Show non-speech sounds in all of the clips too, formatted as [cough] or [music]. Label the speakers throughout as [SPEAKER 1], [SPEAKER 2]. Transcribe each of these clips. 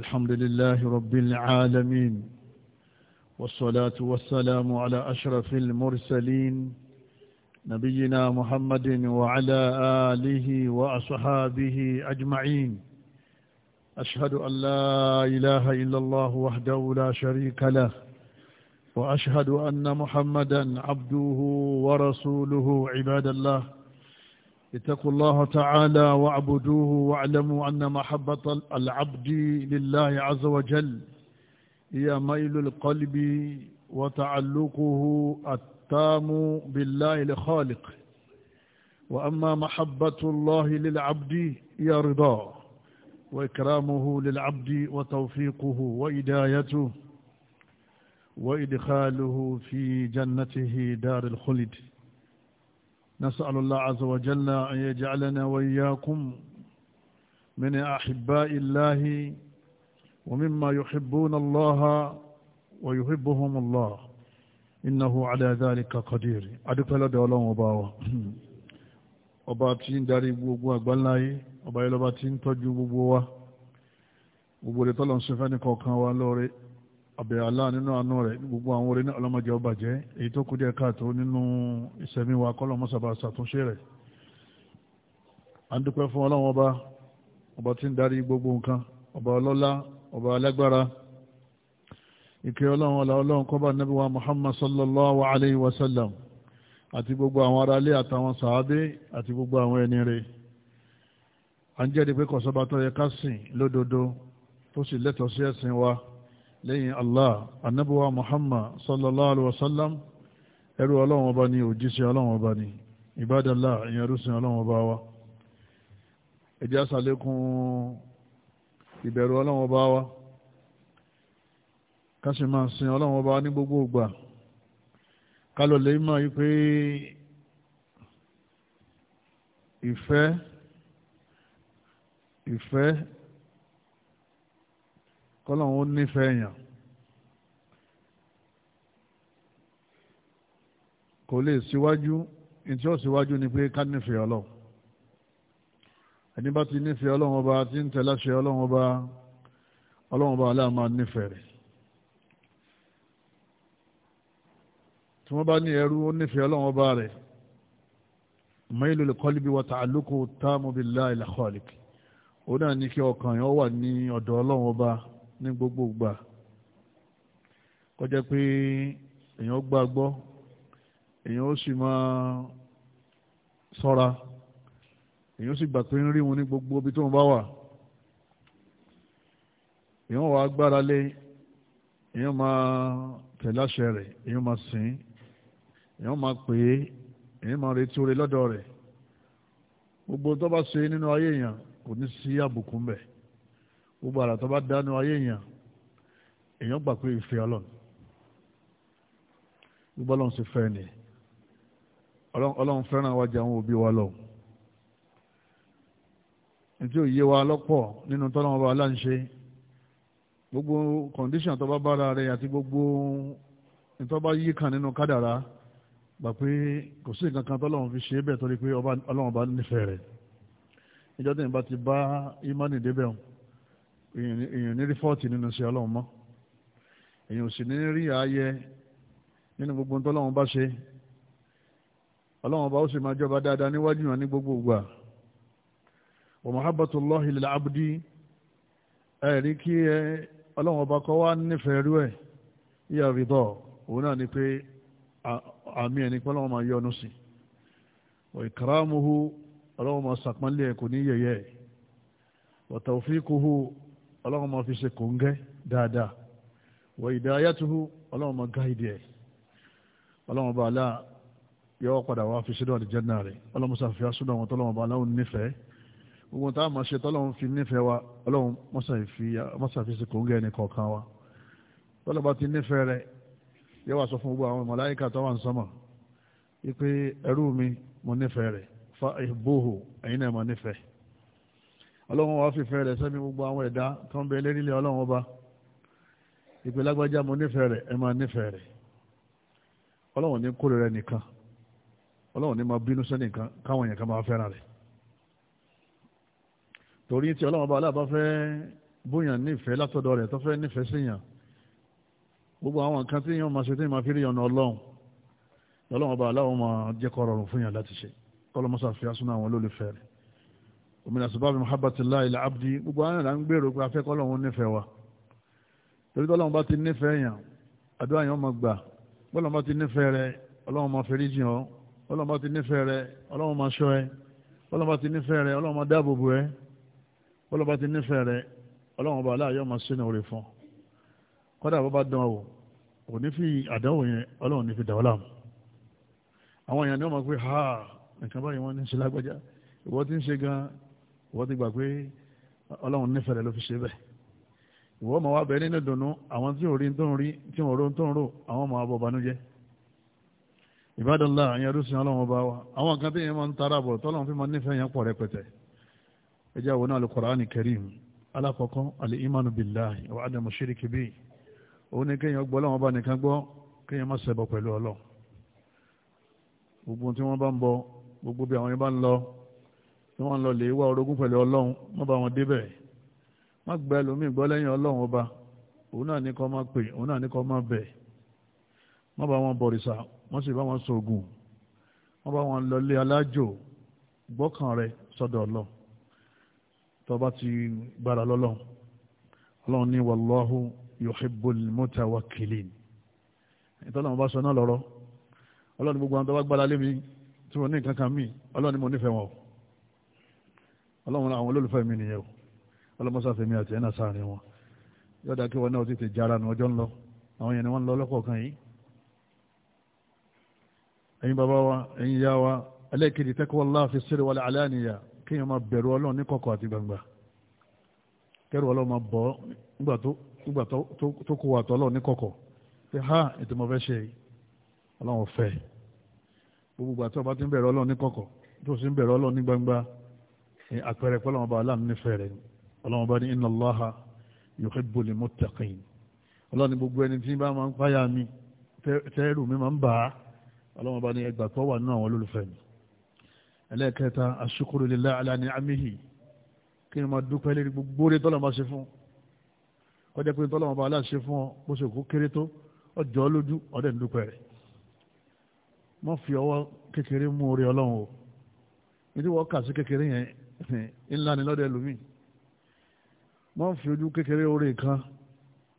[SPEAKER 1] الحمد لله رب العالمين والصلاة والسلام على أشرف المرسلين نبينا محمد وعلى آله وأصحابه أجمعين أشهد أن لا إله إلا الله وحده لا شريك له وأشهد أن محمدا عبده ورسوله عباد الله اتقوا الله تعالى واعبدوه واعلموا أن محبة العبد لله عز وجل هي ميل القلب وتعلقه التام بالله الخالق وأما محبة الله للعبد هي رضاه وإكرامه للعبد وتوفيقه وإدايته وإدخاله في جنته دار الخلد نسأل الله عز وجل أن يجعلنا وإياكم من أحباء الله ومما يحبون الله ويحبهم الله إنه على ذلك قدير أدوك لدى الله وباوة ọba tí ń darí gbogbo àgbáláyé ọba ilọba tí ń tọ́jú gbogbo wa àbẹ̀ Allah nínú àánú rẹ̀ gbogbo àwọn orin náà ọlọ́mọdé ọba jẹ́ èyí tó kú díẹ̀ káàtó nínú ìṣẹ̀mí wa kọ́lọ̀ mọ́sàbà ṣàtúnṣe rẹ̀ a ń dúpẹ́ fún ọlọ́run ọba ọba tí ń darí gbogbo nǹkan ọba ọlọ́lá ọba alágbára ìkẹ́ ọlọ́run ọlá ọlọ́run kọ́ba nábì wa Muhammad sallallahu alayhi wa sallam àti gbogbo àwọn aráalé àtàwọn sàábé àti gbogbo àwọn ẹni rẹ̀ à ń jẹ́rìí pé kọ̀sọ́ba tó yẹ ká sìn lódodo tó sì lẹ́tọ̀ọ́ sí ẹ̀sìn wa lẹ́yìn Allah anábíwá Muhammad sallallahu alaihi wasallam ẹrú ọlọ́run ọba ni òjíṣẹ́ ọlọ́run ọba ni ìbádàlá ìyẹrúsìn ọlọ́run ọba wa ẹjẹ́ àsàlékún ìbẹ̀rù ọlọ́run ọba wa káṣí máa sin ọlọ́run ọba ní gbogbo ìgbà kálọ̀ lè mọ̀ yí ìfẹ́ ìfẹ́ kọ́lọ́hún ó nífẹ̀ẹ́ yàn kò lè síwájú ntí ó síwájú ni pé ká nífẹ̀ẹ́ ọlọ́run ẹni bá ti nífẹ̀ẹ́ ọlọ́run ọba tí ń tẹ̀láṣẹ ọlọ́run ọba ọlọ́run ọba aláàmà nífẹ̀ẹ́ rẹ̀ tí wọ́n bá ní ẹrú ó nífẹ̀ẹ́ ọlọ́run ọba rẹ̀ mailul qalbi wa ta'alluqu tamu billahi al-khaliq ó náà ní kí ọkàn yẹn wà ní ọ̀dọ̀ ọlọ́run ọba ní gbogbo ìgbà kọjá pé èèyàn gbàgbọ́ èèyàn ó sì máa ṣọ́ra èèyàn sì gbà pé ń rí wọn ní gbogbo ibi tó ń bá wà èèyàn wà agbára lé èèyàn máa tẹ̀láṣẹ rẹ̀ èèyàn máa sìn èèyàn máa pè é èèyàn máa retí oore lọ́dọ̀ rẹ̀ gbogbo tó bá ṣe nínú ayé èèyàn kò ní sí àbùkù mbẹ̀ gbogbo àrà tó bá dánú ayé èèyàn èèyàn gbà pé ìfẹ́ ọlọ́run gbogbo ọlọ́run sì fẹ́ ni ọlọ́run fẹ́ràn wa jẹ àwọn òbí wa lọ nítí òye wa lọ́pọ̀ nínú tọ́lọ́wọ́n bá aláǹṣe gbogbo kọ̀ǹdíṣàn tó bá bára rẹ̀ àti gbogbo nítọ́ bá yí kan nínú kádàrá gbà pé kò sí nǹkan kan tọ́lọ́run fi ṣe é bẹ́ẹ̀ torí pé ọlọ́run bá nífẹ̀ẹ́ rẹ̀ ìjọ́ tẹ̀yìn ti bá ìmánì débẹ̀ hàn èèyàn ní rí fọ́ọ̀tì nínú sí ọlọ́run mọ́ èèyàn ò sì ní rí ààyè nínú gbogbo tọ́lọ́run bá ṣe ọlọ́run bá ó sì máa jọba dáadáa níwájú yàn ní gbogbo ìgbà wa abdi ẹ̀rí kí ẹ ọlọ́run ọba kọ́ wá nífẹ̀ẹ́ rú ẹ̀ yíyá òun náà ni pé àmì ẹni pé ọlọ́run máa sí ọlọ́run máa fi ṣe kòńgẹ́ dáadáa wọ ìdáyàtúhù ọlọ́run máa gáìdì ẹ̀ ọlọ́run bá aláà yọ padà wá fi ṣe dọ̀ọ̀dì jẹ́nà rẹ̀ ọlọ́run sàfihàn súnà wọn tọ́lọ́run bá aláwọn nífẹ̀ẹ́ gbogbo táwọn máa ṣe tọ́lọ́run fi nífẹ̀ẹ́ wa ọlọ́run mọ́sàfihàn kòńgẹ́ ẹni kọ̀ọ̀kan wa tọ́lọ́ba ti nífẹ̀ẹ́ rẹ̀ yọ wá sọ fún gbogbo àwọn màláíkà tó wà ń sánmà wípé ẹrú mi mo nífẹ̀ẹ́ rẹ̀ fa ìbòhò ẹ̀yin náà mo nífẹ̀ẹ́ ọlọ́run wa fìfẹ́ rẹ̀ sẹ́mi gbogbo àwọn ẹ̀dá tó ń bẹ lérílẹ̀ ọlọ́run ọba ìpè lágbájá mo nífẹ̀ẹ́ rẹ̀ ẹ máa nífẹ̀ẹ́ rẹ̀ ọlọ́run ní kórè rẹ̀ nìkan ọlọ́run ní máa bínú sẹ́ni kan káwọn èèyàn kan máa fẹ́ràn rẹ̀ torí tí ọlọ́run ọba aláàbá fẹ́ bóyàn nífẹ̀ẹ́ látọ̀dọ̀ rẹ̀ tó fẹ́ nífẹ̀ẹ́ síyàn gbogbo àwọn nǹkan tí yàn máa ṣe tí yàn máa fi rí ọ̀nà ọlọ́run ọlọ́run ọba aláwọ̀ máa jẹ́ kọ́ rọrùn fún yàn láti ṣe kọ́lọ́mọ́sà fi asúnà àwọn olólùfẹ́ rẹ̀ òmìnira sùbáàbí muhabbatullah ilẹ̀ abdi gbogbo àwọn ìlànà ń gbèrò pé afẹ́kọ́ lọ́wọ́ nífẹ̀ẹ́ wa torí tọ́lọ́run bá ti nífẹ̀ẹ́ yàn àdúrà yàn máa gbà bọ́lọ́run bá ti nífẹ̀ẹ́ rẹ ọlọ́run máa fẹ́rí jìn ọ́ ọlọ́run bá ti nífẹ̀ẹ́ rẹ ọlọ́run máa ṣọ́ ẹ ọlọ́run bá ti nífẹ̀ẹ́ rẹ ọlọ́run máa dáàbò bò ẹ ọlọ́run bá ti nífẹ̀ẹ́ rẹ ọlọ́run ọba aláàyọ̀ máa sínú orí fún kọ́dà bó bá dán ọ kò ní fi àdánwò yẹn ọlọ́run ní fi dà ọ́ láàmú àwọn èèyàn ni wọ́n máa pé ha nǹkan báyìí wọ́n ní ṣe lágbájá ìwọ ti ń ṣe gan ìwọ ti gbà pé ọlọ́run nífẹ̀ẹ́ rẹ̀ ló fi ṣe bẹ́ẹ̀ ìwọ ma wá bẹ nínú ìdùnnú àwọn tí ò rí tó ń rí tí ò ró tó ń rò àwọn ọmọ abọ̀ banújẹ́ ìbádọ́lá àyẹ̀rú sin ọlọ́run ọba wa àwọn kan tí yẹn máa ń tara bọ̀ tọ́lọ́run fi máa nífẹ̀ẹ́ yẹn pọ̀ rẹpẹtẹ ẹjẹ́ àwọn náà Al-Qur'ani Karim alákọ̀ọ́kọ́ al-imanu billahi wa adamu shiriki bi òun ni kéèyàn gbọ́ ọlọ́run ọba nìkan gbọ́ kéèyàn má ṣẹbọ pẹ̀lú ọlọ́run gbogbo tí wọ́n bá ń bọ gbogbo bí àwọn yẹn bá ń lọ tí wọ́n lọ lè wá orogún pẹ̀lú ọlọ́run wọ́n bá wọn débẹ̀ má gba ẹlòmíì gbọ́ lẹ́yìn ọlọ́run ọba òun náà ní kó máa pè òun náà ní kó máa bẹ̀ má bá wọn bọ̀rìṣà wọ́n sì bá wọn sògùn wọ́n bá wọn lọlé alájò gbọ́kàn rẹ sọ́dọ̀ ọlọ́run tó bá ti gbára lọ́lọ́run ọlọ́run ní wallahu yuhibbul mutawakkilin ìtọ́lá wọn bá sọ náà lọ́rọ́ ọlọ́run gbogbo àwọn tó bá gbára lé mi tí mo ní nǹkan kan mí ọlọ́run ni mo nífẹ̀ẹ́ wọn o. ọlọ́run àwọn olólùfẹ́ mi nìyẹn o ala mi àti ẹ̀ náà sáàrin wọn yọ̀dà kí wọn náà tètè jára nu ọjọ́ ń lọ àwọn yẹn ni wọ́n ń lọ lọ́kọ̀ọ̀kan yìí ẹ̀yin bàbá wa ẹ̀yin yá wa ẹlẹ́kìrì taqwallah fi sirri wal alaniya kí yẹn máa bẹ̀rù ọlọ́run ní kọ̀kọ̀ àti gbangba kẹ́rù ọlọ́run máa bọ̀ nígbà tó kó àpẹẹrẹ pé ọlọ́mọba aláàánú nífẹ̀ẹ́ rẹ̀ ọlọ́mọba ní inna Allaha yuhibbul muttaqin ọlọ́run ní gbogbo ẹni tí bá máa ń páyà mi tẹ́rù mi máa ń bà á ọlọ́mọba ní ẹgbà tó wà nínú àwọn olólùfẹ́ mi ẹlẹ́ẹ̀kẹta ashukuru lillahi ala ni'amihi kí ni máa dúpẹ́ lérí gbogbo orí tọ́lọ́mọba ṣe fún kọjá pé tọ́lọ́mọba aláṣẹ fún ọ bó ṣe kó kéré tó ọjọ́ lójú ọdẹ ń dúpẹ́ [laughs] ńlá ni lọ́dẹ lómi mọ́ fi ojú kékeré orí kan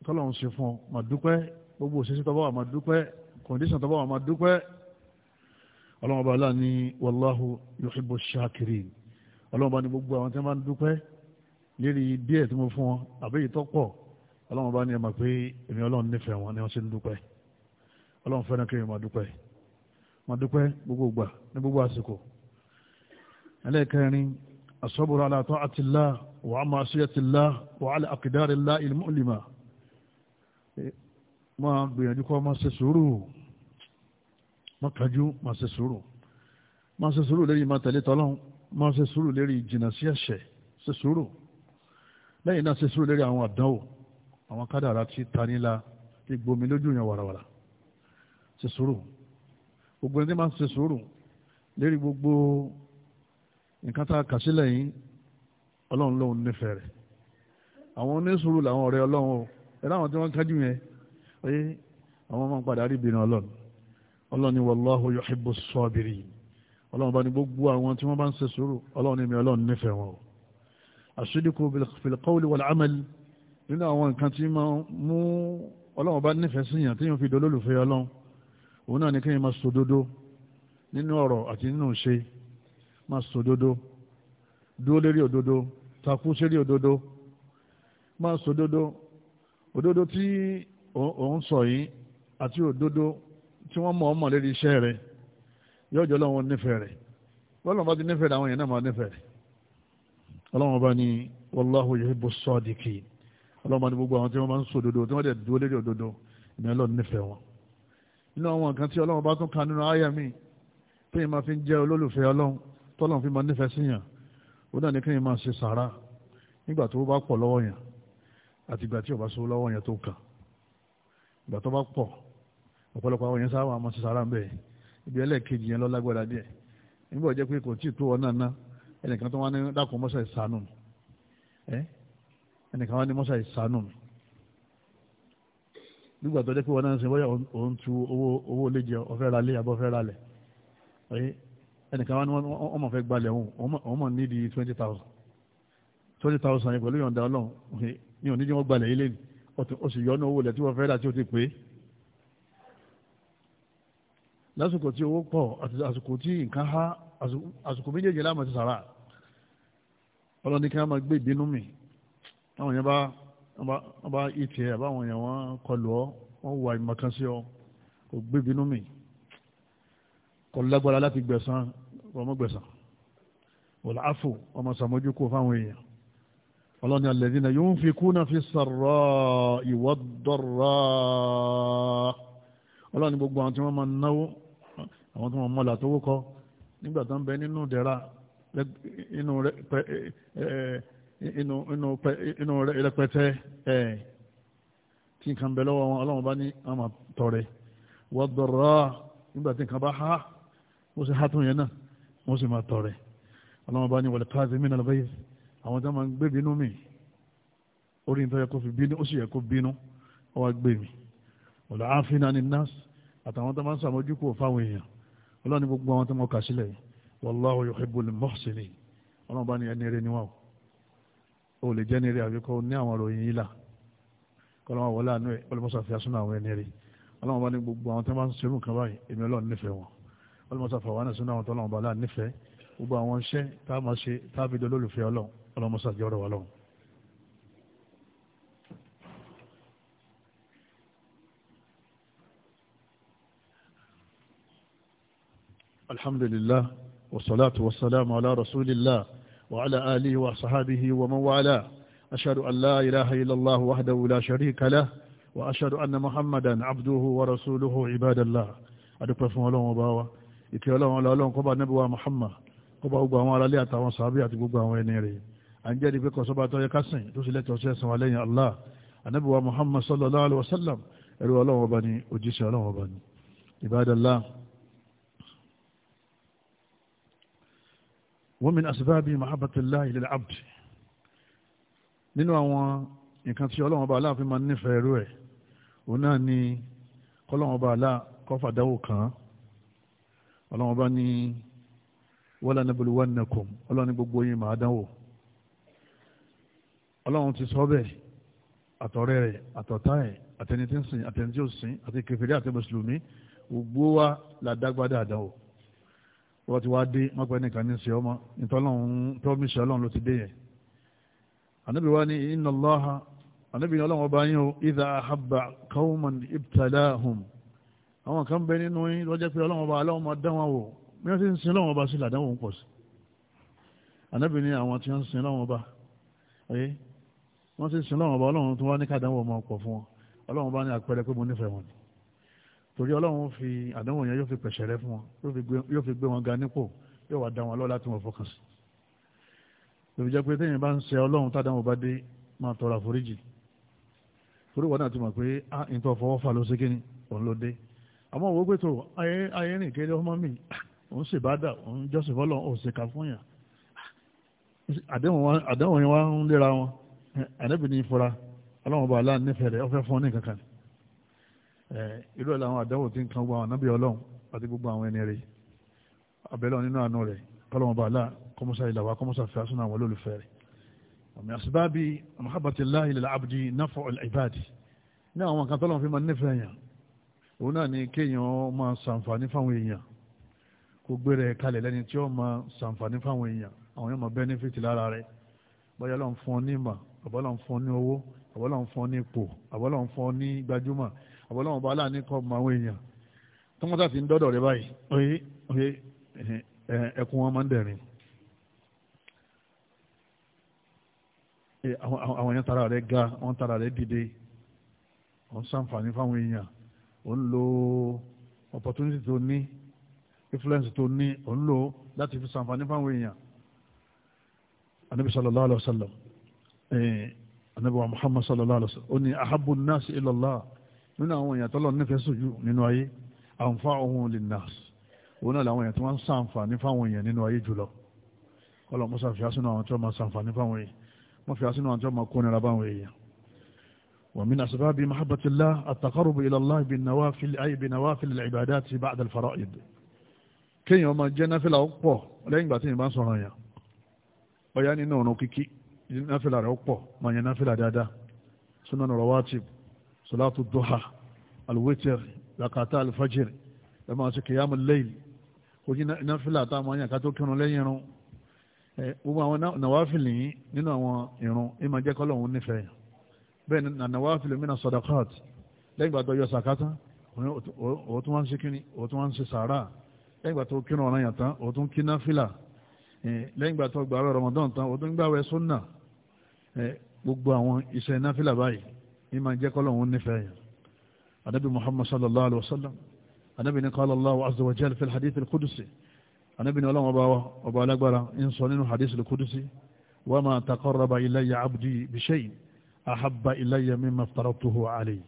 [SPEAKER 1] tọ́lọ̀ ń ṣe fún ọ mà dúpẹ́ gbogbo òṣìṣẹ́ tọ́bọ̀ wà mà dúpẹ́ kọ̀ǹdíṣàn tọ́bọ̀ wà mà dúpẹ́ ọlọ́mọba aláà ní wàláhù yuhibbu shakirin ọlọ́mọba ní gbogbo àwọn tí wọ́n bá ń dúpẹ́ lérí díẹ̀ tí mo fún wọn àbẹ́yìí tó pọ̀ ọlọ́mọba ní ẹ mà pé èmi ọlọ́run nífẹ̀ẹ́ wọn ni wọ́n ṣe ń dúpẹ́ ọlọ́run fẹ́ràn kí èmi mà dúpẹ́ mà dúpẹ́ gbogbo ìgbà ní الصبر على طاعة الله وعن الله وعلى أقدار الله المؤلمة ما بينجوكو ما سسورو ما كجو ما سسورو ما سسورو لري ما تلي تلتلون ما سسورو لري جناسية شيء سسورو lẹ́yìn náà ṣe sùúrù lórí àwọn àdánwò àwọn kádàrá tí لا ti gbomi lójú ورا ورا ṣe sùúrù ما ẹni tí máa nǹkan tá a kà sílẹ̀ yìí ọlọ́run lòun nífẹ̀ẹ́ rẹ̀ àwọn onísùúrù làwọn ọ̀rẹ́ ọlọ́run o ẹ̀rọ àwọn tí wọ́n kájú yẹn oye àwọn máa ń padà rí ìbìnrin ọlọ́run ọlọ́run ni wallahu yuhibbu as-sabirin ọlọ́run bá ní gbogbo àwọn tí wọ́n bá ń ṣe sùúrù ọlọ́run ni mi ọlọ́run nífẹ̀ẹ́ wọn o as-sidqu fil qawli wal amal nínú àwọn nǹkan tí máa mú ọlọ́run bá nífẹ̀ẹ́ sí yàn tí yóò fi dolólùfẹ́ ọlọ́run òun náà ni kéèyàn máa sòdodo nínú ọ̀rọ̀ àti nínú ìṣe máa sọ dodo dúró lérí òdodo takú sérí òdodo máa sọ òdodo òdodo tí òun sọ yìí àti òdodo tí wọ́n mọ̀ ọ́ mọ̀ lérí iṣẹ́ rẹ̀ yóò jọ lọ́wọ́ nífẹ̀ẹ́ rẹ̀ ọlọ́run bá ti nífẹ̀ẹ́ rẹ̀ àwọn èèyàn náà máa nífẹ̀ẹ́ rẹ̀ ọlọ́run bá ní wallahu yuhibbu sadiqin ọlọ́run bá ní gbogbo àwọn tí wọ́n bá ń sọ òdodo tí wọ́n dẹ̀ dúró lérí òdodo ìmọ̀ ọlọ́run nífẹ̀ẹ́ wọn nínú àwọn nǹkan tí ọlọ́run bá tún ka nínú àyà mi téèyàn máa fi ń jẹ́ olólùfẹ́ ọlọ́run tọ́lọ́n fi máa nífẹ̀ẹ́ sí yàn ó dà ní kí ni máa ṣe sàárà nígbà tó bá pọ̀ lọ́wọ́ yàn àti ìgbà tí ò bá so lọ́wọ́ yàn tó kàn ìgbà tó bá pọ̀ ọ̀pọ̀lọpọ̀ àwọn yẹn sáwọn àmọ́ ṣe sàárà ń bẹ̀ ibi ẹlẹ́ẹ̀kejì yẹn lọ lágbára díẹ̀ nígbà jẹ́ pé kò tí ì tó ọ náà ná ẹnìkan tó wá ní dákun mọ́sà ìsànù ẹnìkan wá ní mọ́sà ìsànù nígbà tó jẹ́ pé wọn náà ń sin bóyá òun tu owó owó lè jẹ ọ̀fẹ́ ra lé àbọ̀fẹ́ ra lẹ̀ ẹnìkan wọn wọn mọ̀ fẹ́ gbalẹ̀ òun òun mọ̀ twenty thousand twenty thousand yẹn pẹ̀lú yọ̀ǹda ọlọ́run ní òní jẹ́ wọ́n gbalẹ̀ yìí lẹ́nu ó sì yọnu owó lẹ̀ tí wọ́n fẹ́ rà tí ó ti pé lásìkò tí owó pọ̀ àti àsìkò tí nǹkan há àsìkò méjèèjì láàmú ti sàrà ọlọ́run ní kí wọ́n máa gbé ìbínú mi àwọn yẹn bá wọ́n bá ìtì ẹ̀ àbáwọn yẹn wọ́n kọlù ọ́ wọ́n wà ìmọ̀kan sí ọ kò gbé ìbínú mi kò lágbára láti gbẹ̀san ọmọ gbẹ̀san wọ́n afọ ọmọ sàmójúkú fáwọn èèyàn ọlọ́ni alladhina yunfikuna fi sarra'i wad-darra'i ọlọ́ni gbogbo àwọn tí wọ́n máa náwó àwọn tí wọ́n mọ́lá tó wókọ́ nígbà tó ń bẹ nínú dẹ̀ra inú rẹpẹtẹ tí nǹkan bẹ lọ́wọ́ wọn ọlọ́run bá ní àmà tọrẹ wad-darra'i nígbà tí nǹkan bá há bó ṣe há tó yẹn náà wọ́n sì máa tọrẹ ọlọ́wọ́n bá ní wọlé káàzì mí nàlọ́bẹ́ yìí àwọn tó máa ń gbé bínú mi orí nítorí yẹ kó fi bínú ó sì yẹ kó bínú ó wá gbé mi wọlé ààfin náà ní nọ́ọ̀sì àtàwọn tó máa ń sàmójúkú fáwọn èèyàn ọlọ́wọ́n ní gbogbo àwọn tó máa kà sílẹ̀ wallahu yuhibbul muhsinin ọlọ́wọ́n bá ní ẹni rẹ níwáwó ó lè jẹ́ nírí àbíkọ́ ní àwọn ròyìn yìí là kọ́lọ́wọ́n wọlé àánú ẹ̀ ọlọ́mọ́sàfíà bá ní gbogbo àwọn tó máa ń serú nǹkan báyìí èmi ọlọ́run nífẹ̀ẹ́ wọn ọlọ́mọsàfà wà náà sínú àwọn tọ́lọ́wọ́n bá láà nífẹ̀ẹ́ gbogbo àwọn iṣẹ́ tá a máa ṣe tá a fi dọ́ lólùfẹ́ ọlọ́run ọlọ́mọsàfà jẹ́ ọ̀rọ̀ wa lọ́run. الحمد لله والصلاة والسلام على رسول الله وعلى آله وصحابه ومن والاه أشهد أن لا إله إلا الله وحده لا شريك له وأشهد أن محمدا عبده ورسوله عباد الله أدوك فمولون وباوة ìkẹ́ ọlọ́run ọlọ́run kọ́ba nábì wa Muhammad kọ́ba gbogbo àwọn aráalé àtàwọn sàábì àti gbogbo àwọn ẹni rẹ̀ à ń jẹ́rìí pé kọ́sọ́ba tọ́yẹ kásìn tó sì lẹ́tọ̀ọ́ sí ẹ̀sán wa lẹ́yìn Allah anábì wa Muhammad sallallahu alayhi wa sallam ẹ̀rù ọlọ́run ọba ni òjíṣẹ́ ọlọ́run ọba ni ibadallah wa min asbabi mahabbatillahi lil abd nínú ọlọ́run bá ní wọ́lá níbulu wà nìkan ọlọ́run ní gbogbo yín máa dánwò ọlọ́run ti sọ bẹ́ẹ̀ àtọ̀rẹ́ rẹ̀ àtọ̀tá ẹ̀ àtẹni tí ń sìn àtẹni tí ò sìn àti kèfèrí àti mùsùlùmí gbogbo wa là dágbádá àdánwò wọ́n ti wá dé wọ́n pẹ́ nìkan ní sè ọmọ ìtọ́lọ́run tọ́mísì ọlọ́run ló ti dé yẹn ànábì wa ní inna ọlọ́run ọba yín o idha ahabba qauman ibtalahum àwọn kan bẹ nínú yín lọ́jọ́ pé ọlọ́wọ́n ọba aláwọ̀ máa dán wọn wò bí wọ́n ti ń sin ọlọ́wọ́n ọba sí làdánwò ń pọ̀ sí ànábì ní àwọn tí wọ́n ń sin ọlọ́wọ́n ọba ẹ wọ́n ti sin ọlọ́wọ́n ọba ọlọ́wọ́n tó wá ní kàdánwò máa pọ̀ fún wọn ọlọ́wọ́n ọba ní àpẹẹrẹ pé mo nífẹ̀ẹ́ wọn ni torí ọlọ́wọ́n fi àdánwò yẹn yóò fi pẹ̀sẹ̀ rẹ fún wọn yóò fi gbé wọn ga nípò yóò wá dá wọn lọ́la tí àmọ́ òwò pé tó ayé rìn kéré ọmọ mi òun sì bá dà òun jọ́sìn fọ́lọ́ òun sì kà fún yàn àdéhùn yẹn wá ń léra wọn ànábì ní ìfura ọlọ́run bá aláàánú nífẹ̀ẹ́ rẹ̀ ọ̀fẹ́ fún ní kankan irú ẹ̀ làwọn àdéhùn tí ń kan gbọ́ àwọn ànábì ọlọ́run àti gbogbo àwọn ẹni rẹ̀ abẹ́lẹ́ nínú àánú rẹ̀ ọlọ́run bá aláà kọ́mọ́sá ìlàwà kọ́mọ́sá fẹ́ sínú àwọn olólùfẹ́ rẹ̀ àmì àsìbábí mahabbatillahi lil abdi nafu ibadi ní àwọn kan tọ́lọ́run fi máa nífẹ̀ẹ́ yàn òun náà ni kéèyàn máa ṣàǹfààní fáwọn èèyàn kó gbéra ẹ̀ kalẹ̀ lẹ́ni tí ó máa ṣàǹfààní fáwọn èèyàn àwọn yóò máa bẹ́nífìtì lára rẹ̀ bóyá lọ́n fún ọ ní ìmọ̀ àbọ̀ lọ́n fún ọ ní owó àbọ̀ lọ́n fún ọ ní ipò àbọ̀ lọ́n fún ọ ní gbajúmọ̀ àbọ̀ lọ́n bá láàánú kọ́ mọ àwọn èèyàn tó wọ́n sàti ń dọ́dọ̀ rẹ báyìí ẹkún wọn máa ń dẹ̀rín àwọn èèyàn tara rẹ ga wọn tara rẹ dìde wọn ṣàǹfààní fáwọn èèyàn ò ń lo opportunity tó ní influence tó ní ò ń lo láti fi ṣàǹfààní fáwọn èèyàn anabi sallallahu alayhi wa sallam anabi wa muhammad sallallahu alayhi wa sallam ó ahabu nasi ilallah nínú àwọn èèyàn tọ́lọ̀ nífẹ̀ẹ́ sójú nínú ayé anfa'uhum linnas òun náà làwọn èèyàn tí wọ́n ń ṣàǹfààní fáwọn èèyàn nínú ayé jùlọ kọ́lọ̀ mọ́sá fi asínú àwọn tí wọ́n máa ṣàǹfààní fáwọn èèyàn wọ́n fi àwọn tí máa kó nira báwọn èèyàn ومن أسباب محبة الله التقرب إلى الله بالنوافل أي بنوافل العبادات بعد الفرائض كي يوم الجنة في الأقوى لين باتين بان سهايا ويعني إنه نوكيكي نافلة الأقوى ما ينافلة دادا سنن رواتب صلاة الضحى الوتر لقاتا الفجر لما قيام الليل ojú náfìlà tá a كاتو yàn لينو، وما kírun lẹ́yìn irun gbogbo إما náwáfìlì yìí nínú bẹ́ẹ̀ ni nawafil mina sadaqat lẹ́yìn ìgbà tó yọ sàkátà òun tún wá ń ṣe kíni òun tún wá ń ṣe sàárà lẹ́yìn ìgbà tó kírun ọ̀ranyàn tán òun tún kí náfìlà lẹ́yìn ìgbà tó gbààwẹ̀ Ramadan tán òun tún gbààwẹ̀ sunna gbogbo àwọn iṣẹ́ náfìlà báyìí ní máa jẹ́ kọ́lọ́hún nífẹ̀ẹ́ yẹn anabi muhammad sallallahu alaihi wasallam anabi ni qala Allahu azza wa jalla fil hadith anabi ni ọlọ́run ahabba ilayya mimma aftaratuhu alayhi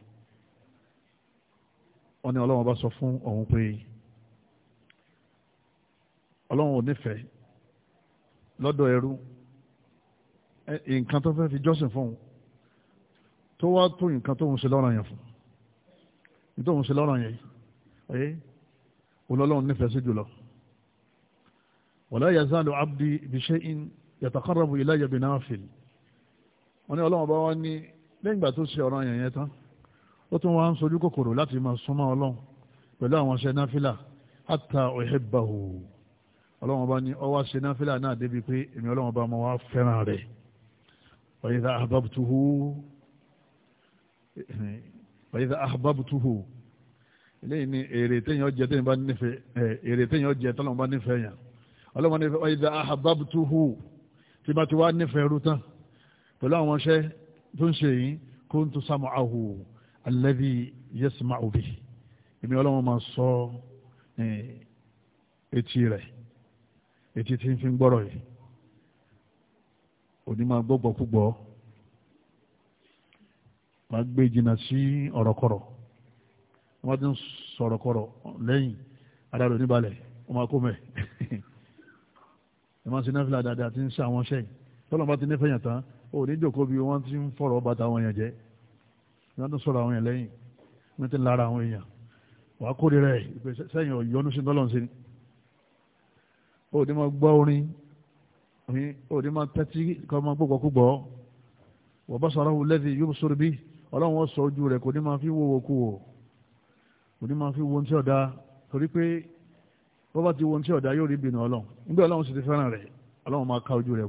[SPEAKER 1] wọ́n ní ọlọ́run bá sọ fún òun pé ọlọ́run ò nífẹ̀ẹ́ lọ́dọ̀ ẹrú nǹkan tó fẹ́ fi jọ́sìn fún un tó wá tó nǹkan tó ń ṣe lọ́rọ̀ yẹn fún un tó ń ṣe lọ́rọ̀ yẹn ẹ olọ́lọ́run nífẹ̀ẹ́ sí jùlọ. wala yazalu abdi bi shay'in yataqarrabu ilayya bi nafil wọ́n ní ọlọ́run bá wá ní lẹ́yìn ìgbà tó ṣe ọ̀ràn yẹn yẹn tán ó tún wá ń sojú kòkòrò láti máa súnmọ́ ọlọ́run pẹ̀lú àwọn ṣe náfìlà hatta uhibbahu ọlọ́run bá ní ọwá ṣe náfìlà náà débi pé èmi ọlọ́run bá mọ wá fẹ́ràn rẹ̀ wa idha ahbabtuhu wa idha ahbabtuhu èrè téèyàn jẹ téèyàn bá nífẹ̀ẹ́ èrè ọlọ́run bá ní wa idha tí bá ti wá nífẹ̀ẹ́ rú tán pẹ̀lú àwọn iṣẹ́ tó ń ṣe yìí kuntu sam'ahu alladhi yasma'u bihi èmi ọlọ́wọ́n máa sọ etí rẹ̀ etí tí ń fi gbọ́rọ̀ yìí òní máa gbọ́gbọ́ púpọ̀ máa gbé jìnnà sí ọ̀rọ̀kọ̀rọ̀ wọ́n ti ń sọ̀rọ̀kọ̀rọ̀ lẹ́yìn adarò níbalẹ̀ wọ́n máa kó mẹ́ [laughs] ẹ̀ máa ń sin náfìlà dáadáa ti ń ṣe àwọn ṣẹ́yìn tọ́lọ́mọba ti nífẹ̀ẹ́ yàn tán ò ní jòkó bí wọ́n ti ń fọ̀rọ̀ bàtà àwọn èèyàn jẹ́ wọ́n ti ń sọ̀rọ̀ àwọn èèyàn lẹ́yìn wọ́n ti ń lára àwọn èèyàn wàá rí rẹ̀ ìpè sẹ́yìn ọ̀yọ́nú sí tọ́lọ̀ sí ni ò ní máa gbọ́ orin ò ní máa tẹ́tí kọ́ máa gbọ́ wọ́n bá sọ̀rọ̀ yóò sọ̀rọ̀ bí ọlọ́run sọ ojú rẹ̀ kò ní máa fi kú wò kò ní fi ọ̀dà torí pé bá ti ọ̀dà yóò rí ọlọ́run nígbà ọlọ́run sì ti fẹ́ràn rẹ̀ ọlọ́run máa ojú rẹ̀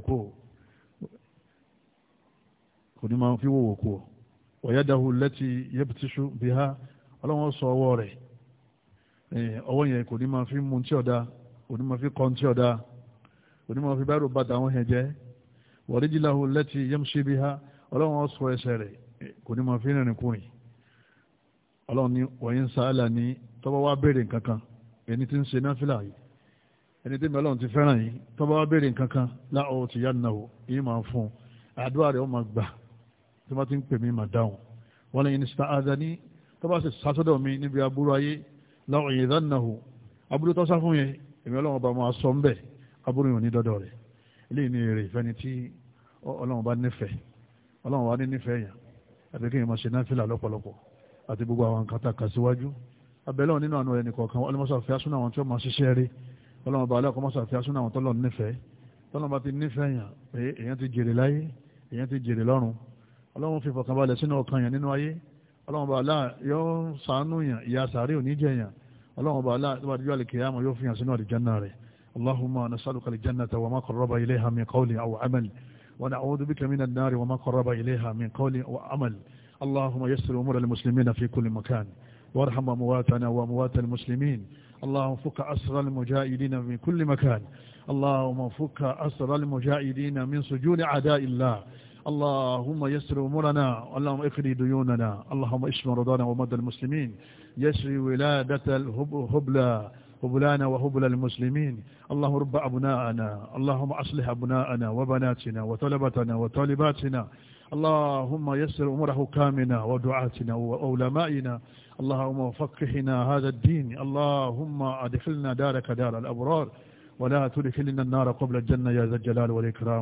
[SPEAKER 1] kò ní máa fi wòwò kú ọ wọ̀yádàhù lẹ́tì yẹ́pìtíṣù bí ha ọlọ́wọ́n sọ ọwọ́ rẹ̀ ọwọ́ yẹn kò ní máa fi mú tí ọ̀dá kò ní máa fi kọ́ tí ọ̀dá kò ní máa fi báyìí bàtà àwọn hẹ̀ jẹ́ wọ̀ríjìláhù lẹ́tì yẹ́mṣí ọlọ́wọ́n sọ ẹsẹ̀ rẹ̀ kò ní máa fi rìnrìn kùnrin ọlọ́run ní wọ̀nyí ń sáálà ní wá béèrè nǹkan ẹni tí ń ṣe náfìlà yìí ẹni tí mẹ́lọ́n ti fẹ́ràn yìí tọ́wọ́ wá béèrè nǹkan kan láò tìyá nàwó yìí máa fún un àdúrà rẹ̀ ó máa gbà tí wọ́n ti ń pè mí mà dáhùn wọ́n lè ìnìṣà àdáni tó bá sì sásọ́dọ̀ mi níbi aburú ayé láwọn èèyàn dánnáhù aburú tó sá fún yẹn èmi ọlọ́run bá máa sọ ń bẹ̀ aburú yìí ò ní dọ́dọ̀ rẹ̀ eléyìí ni èrè ìfẹ́ni tí ọlọ́run bá nífẹ̀ẹ́ ọlọ́run wá ní nífẹ̀ẹ́ yẹn àti kí èèyàn máa ṣe náfìlà lọ́pọ̀lọpọ̀ àti gbogbo àwọn nǹkan tá a kà síwájú abẹ́lẹ́ nínú ọlọ́run fi fọkànbalẹ̀ sínú ọkàn yàn nínú ayé ọlọ́run bá aláà yóò sànú yàn ìyá sàárè òní jẹ yàn ọlọ́run bá aláà nígbà díjọ́ àlìkèyà mọ̀ yóò fi yàn sínú àlìjánná rẹ̀ allahumma nasaluka aljannata wa ma qarraba ilayha min qawli aw amal wa na'udhu bika min an-nar wa ma qarraba ilayha min qawli aw amal allahumma yassir umura almuslimina fi kulli makan warham amwatana wa amwat almuslimin اللهم فك أسر المجاهدين من كل مكان اللهم فك أسر المجاهدين من سجون عداء الله اللهم يسر أمورنا اللهم اقضي ديوننا اللهم اشف مرضانا ومرضى المسلمين يسر ولادة الهبلى هبلانا وهبل المسلمين اللهم رب أبناءنا اللهم أصلح أبناءنا وبناتنا وطلبتنا وطالباتنا اللهم يسر أمور حكامنا ودعاتنا وأولمائنا اللهم فقهنا هذا الدين اللهم أدخلنا دارك دار الأبرار ولا تدخلنا النار قبل الجنة يا ذا الجلال والإكرام